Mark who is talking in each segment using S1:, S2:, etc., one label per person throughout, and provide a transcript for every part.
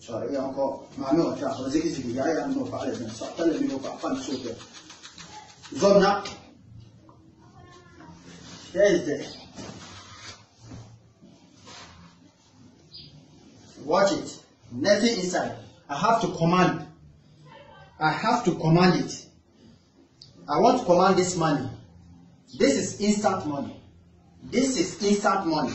S1: شرعية encore معنوها تاع رزقي في جاية منو فعل من صح تلا منو فعل
S2: watch it nothing inside I have to command I have to command it I want to command this money this is instant money
S1: this is instant money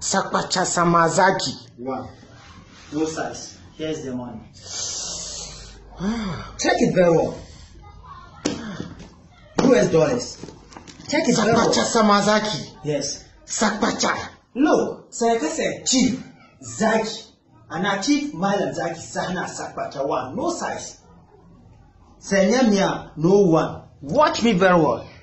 S3: Sakpacha Samazaki.
S4: Wow. No size. Here's the money.
S3: Check it very well.
S5: US dollars.
S3: Check it Sakpacha very well. Samazaki.
S5: Yes. Sakpacha. No. Sayakase. Chief Zaki. And a chief Malam Zaki Sana Sakpacha one. No size. Senyamia, no one. Watch
S2: me very well.